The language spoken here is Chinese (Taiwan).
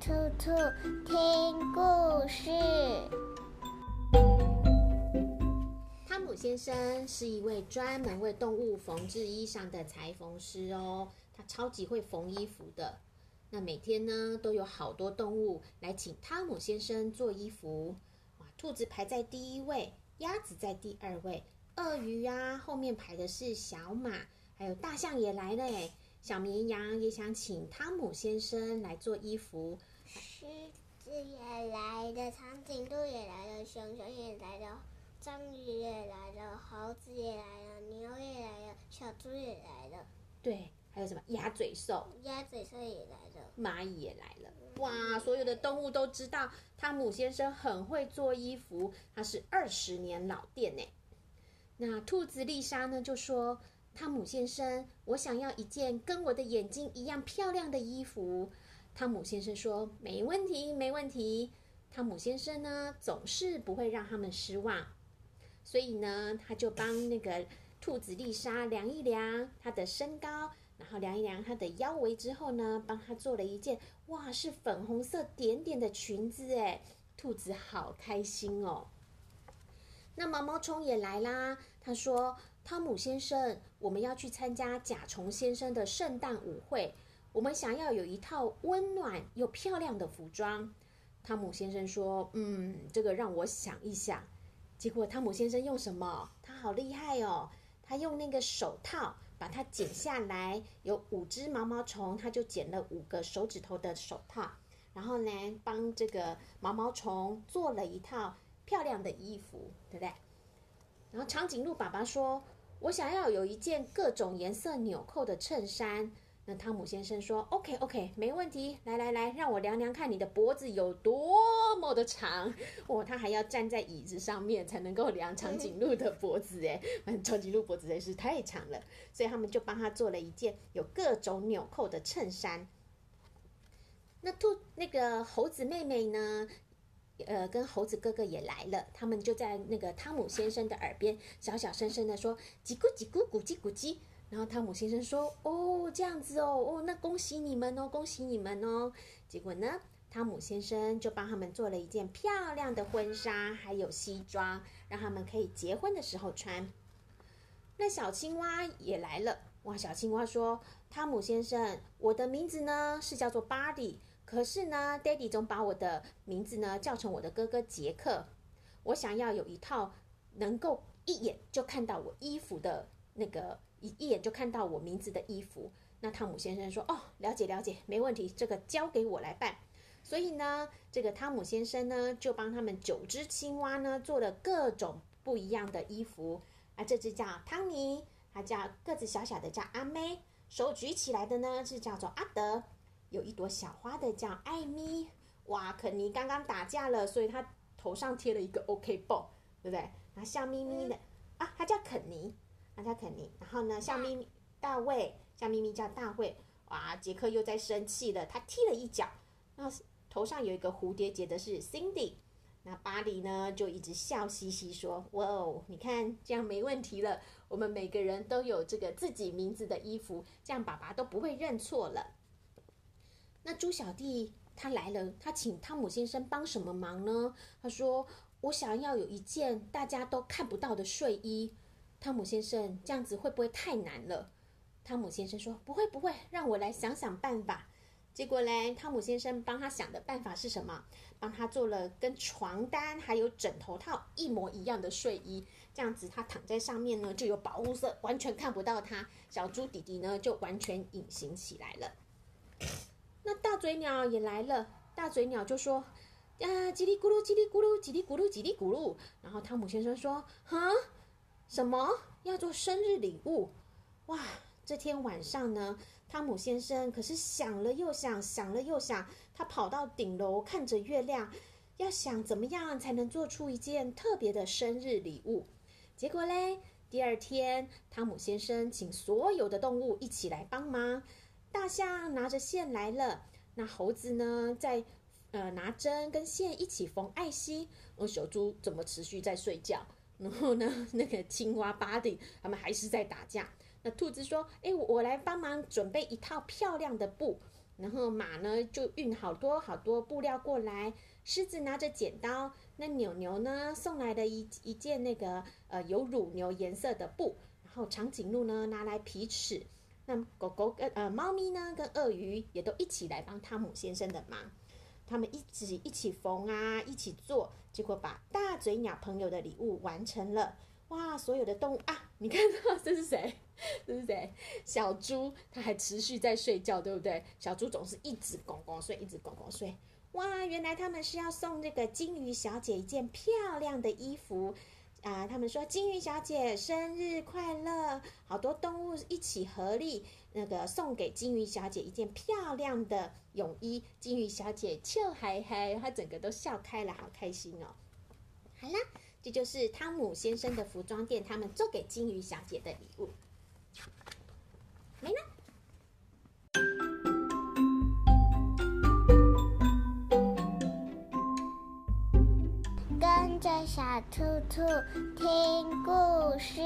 兔兔聽故事。湯姆先生是一位專門為動物縫製衣裳的裁縫師哦，他超級會縫衣服的。那每天呢，都有好多動物來請湯姆先生做衣服。哇，兔子排在第一位，鴨子在第二位，鱷魚啊，後面排的是小馬，還有大象也來了誒。小綿羊也想請湯姆先生來做衣服。獅子也來了，長頸鹿也來了，熊熊也來了，章魚也來了，猴子也來了，牛也來了，小豬也來了。對，還有什麼？鴨嘴獸。鴨嘴獸也來了。螞蟻也來了。來了哇，所有的動物都知道湯姆先生很會做衣服，他是二十年老店哎。那兔子麗莎呢？就說。湯姆先生，我想要一件跟我的眼睛一樣漂亮的衣服。湯姆先生說：“沒問題，沒問題。”湯姆先生呢，總是不會讓他們失望，所以呢，他就幫那個兔子麗莎量一量她的身高，然後量一量她的腰圍，之後呢，幫他做了一件哇，是粉紅色點點的裙子。誒，兔子好開心哦。那毛毛蟲也來啦，他說。湯姆先生，我們要去參加甲蟲先生的聖誕舞會，我們想要有一套溫暖又漂亮的服裝。湯姆先生說：“嗯，這個讓我想一想。”結果湯姆先生用什麼？他好厲害哦！他用那個手套把它剪下來，有五隻毛毛蟲，他就剪了五個手指頭的手套，然後呢，幫這個毛毛蟲做了一套漂亮的衣服，對不對？然後長頸鹿爸爸說。我想要有一件各種顏色紐扣的襯衫。那湯姆先生說：“OK，OK，、okay, okay, 沒問題。來來來，讓我量量看你的脖子有多麼的長。哇，他還要站在椅子上面才能夠量長頸鹿的脖子。哎， 長頸鹿脖子真是太長了，所以他們就幫他做了一件有各種紐扣的襯衫。那兔那個猴子妹妹呢？”呃，跟猴子哥哥也來了，他們就在那個湯姆先生的耳邊小小聲聲的說：“嘰咕嘰咕咕嘰咕嘰。”然後湯姆先生說：“哦，這樣子哦，哦，那恭喜你們哦，恭喜你們哦。”結果呢，湯姆先生就幫他們做了一件漂亮的婚紗，還有西裝，讓他們可以結婚的時候穿。那小青蛙也來了，哇！小青蛙說：“湯姆先生，我的名字呢是叫做巴迪可是呢，Daddy 總把我的名字呢叫成我的哥哥傑克。我想要有一套能夠一眼就看到我衣服的那個一一眼就看到我名字的衣服。那湯姆先生說：“哦，了解了解，沒問題，這個交給我來辦。”所以呢，這個湯姆先生呢就幫他們九隻青蛙呢做了各種不一樣的衣服。啊，這隻叫湯尼，它叫個子小小的叫阿妹，手舉起來的呢是叫做阿德。有一朵小花的叫艾米，哇，肯尼剛剛打架了，所以他頭上貼了一個 OK 繃，對不對？那笑眯眯的，嗯、啊，他叫肯尼，他叫肯尼。然後呢，笑眯眯，大衛，笑眯眯叫大衛。哇，傑克又在生氣了，他踢了一腳。那頭上有一個蝴蝶結的是 Cindy，那巴黎呢就一直笑嘻嘻說：哇哦，你看這樣沒問題了，我們每個人都有這個自己名字的衣服，這樣爸爸都不會認錯了。那豬小弟他來了，他請湯姆先生幫什麼忙呢？他說：“我想要有一件大家都看不到的睡衣。”湯姆先生，這樣子會不會太難了？湯姆先生說：“不會，不會，讓我來想想辦法。”結果呢，湯姆先生幫他想的辦法是什麼？幫他做了跟床單還有枕頭套一模一樣的睡衣，這樣子他躺在上面呢，就有保護色，完全看不到他。小豬弟弟呢，就完全隱形起來了。大嘴鳥也來了，大嘴鳥就說：“呀、啊，嘰里咕嚕，嘰里咕嚕，嘰里咕嚕，嘰里咕嚕。”然後湯姆先生說：“哈，什麼？要做生日禮物？哇！這天晚上呢，湯姆先生可是想了又想，想了又想。他跑到頂樓看着月亮，要想怎麼樣才能做出一件特別的生日禮物。結果嘞，第二天，湯姆先生請所有的動物一起來幫忙。大象拿着線來了。”那猴子呢，在呃拿針跟線一起縫愛心。我、哦、小豬怎麼持續在睡覺？然後呢，那個青蛙 body 他們還是在打架。那兔子說：“哎，我來幫忙準備一套漂亮的布。”然後馬呢就運好多好多布料過來。獅子拿着剪刀，那牛牛呢送來的一一件那個呃有乳牛顏色的布。然後長頸鹿呢拿來皮尺。那狗狗跟呃貓咪呢，跟鱷魚也都一起來幫湯姆先生的忙，他們一起一起縫啊，一起做，結果把大嘴鳥朋友的禮物完成了。哇，所有的動物啊，你看到這是誰？這是誰？小豬，它還持續在睡覺，對不對？小豬總是一直拱拱睡，一直拱拱睡。哇，原來他們是要送那個金魚小姐一件漂亮的衣服。啊！他們說金魚小姐生日快樂，好多動物一起合力那個送給金魚小姐一件漂亮的泳衣。金魚小姐笑嗨嗨，她整個都笑開了，好開心哦！好啦，這就是湯姆先生的服裝店，他們做給金魚小姐的禮物，沒了。小兔兔聽故事。